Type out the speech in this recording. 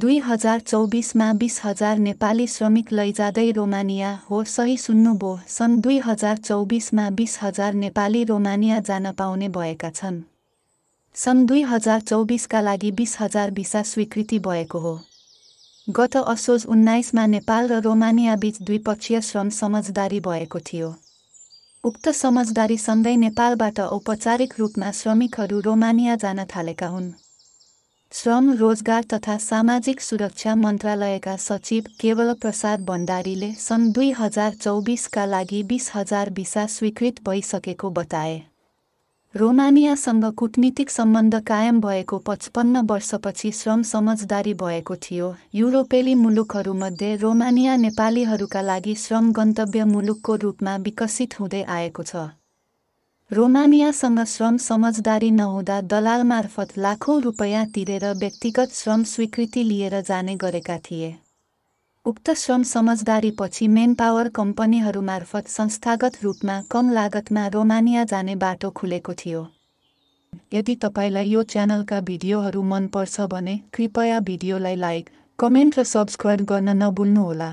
दुई हजार चौबिसमा बिस हजार नेपाली श्रमिक लैजाँदै रोमानिया हो सही सुन्नुभयो सन् दुई हजार चौबिसमा बिस हजार नेपाली रोमानिया जान पाउने भएका छन् सन् दुई हजार चौबिसका लागि बिस हजार भिसा स्वीकृति भएको हो गत असोज उन्नाइसमा नेपाल र रोमानिया बीच द्विपक्षीय श्रम समझदारी भएको थियो उक्त समझदारी सँगै नेपालबाट औपचारिक रूपमा श्रमिकहरू रोमानिया जान थालेका हुन् श्रम रोजगार तथा सामाजिक सुरक्षा मन्त्रालयका सचिव केवल प्रसाद भण्डारीले सन् दुई हजार चौबिसका लागि बिस हजार भिसा स्वीकृत भइसकेको बताए रोमानियासँग कुटनीतिक सम्बन्ध कायम भएको पचपन्न वर्षपछि श्रम समझदारी भएको थियो युरोपेली मुलुकहरूमध्ये रोमानिया नेपालीहरूका लागि श्रम गन्तव्य मुलुकको रूपमा विकसित हुँदै आएको छ रोमानियासँग श्रम समझदारी नहुँदा दलाल मार्फत लाखौँ रुपियाँ तिरेर व्यक्तिगत श्रम स्वीकृति लिएर जाने गरेका थिए उक्त श्रम समझदारीपछि मेन पावर कम्पनीहरू मार्फत संस्थागत रूपमा कम लागतमा रोमानिया जाने बाटो खुलेको थियो यदि तपाईँलाई यो च्यानलका भिडियोहरू मनपर्छ भने कृपया भिडियोलाई लाइक कमेन्ट र सब्सक्राइब गर्न नभुल्नुहोला